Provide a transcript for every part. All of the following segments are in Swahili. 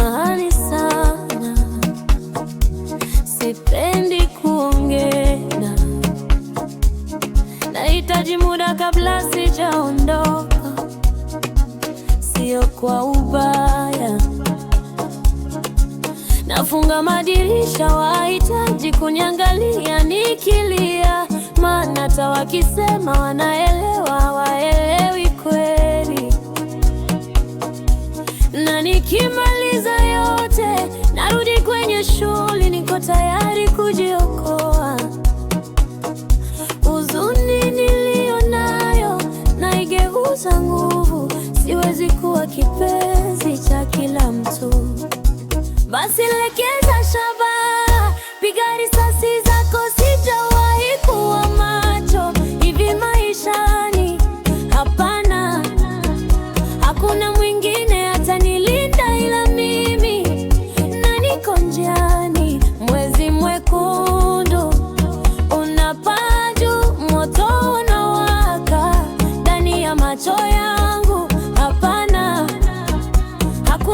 samahani sana, sipendi kuongea, nahitaji muda kabla sijaondoka, sio kwa ubaya. Nafunga madirisha, wahitaji kuniangalia nikilia, maana hata wakisema wanaelewa wae tayari kujiokoa. Huzuni niliyo nayo naigeuza nguvu, siwezi kuwa kipenzi cha kila mtu. Basi lekeza shaba piga risasi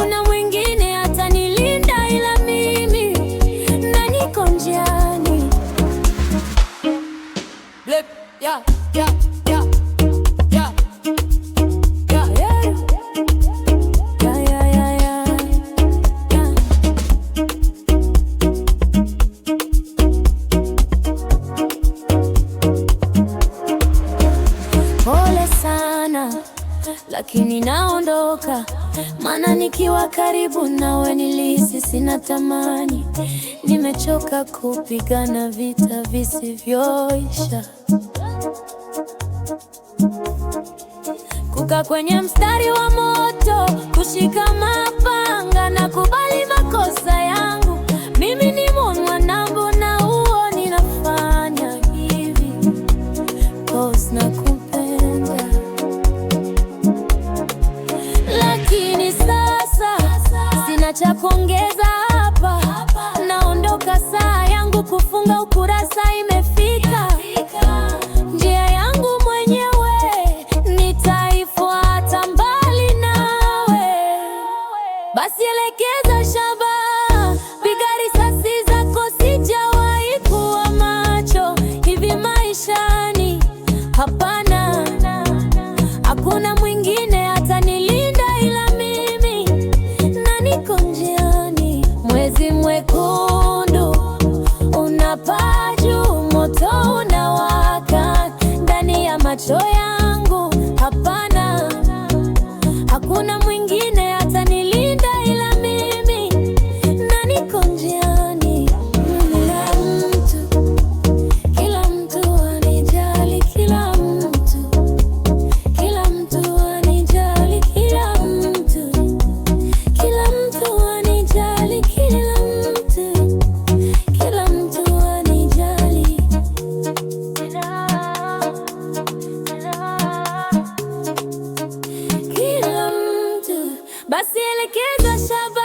Hakuna mwingine atanilinda ila mimi, na niko njiani. Blip, yeah, yeah. lakini naondoka, maana nikiwa karibu nawe nilihisi sina tamani. Nimechoka kupigana vita visivyoisha, kuka kwenye mstari wa moto, kushika mapanga na kubali makosa cha kuongeza hapa, naondoka, saa yangu kufunga ukurasa imefika. Njia yangu mwenyewe nitaifuata mbali nawe, basi eleke joy. ya Give us up.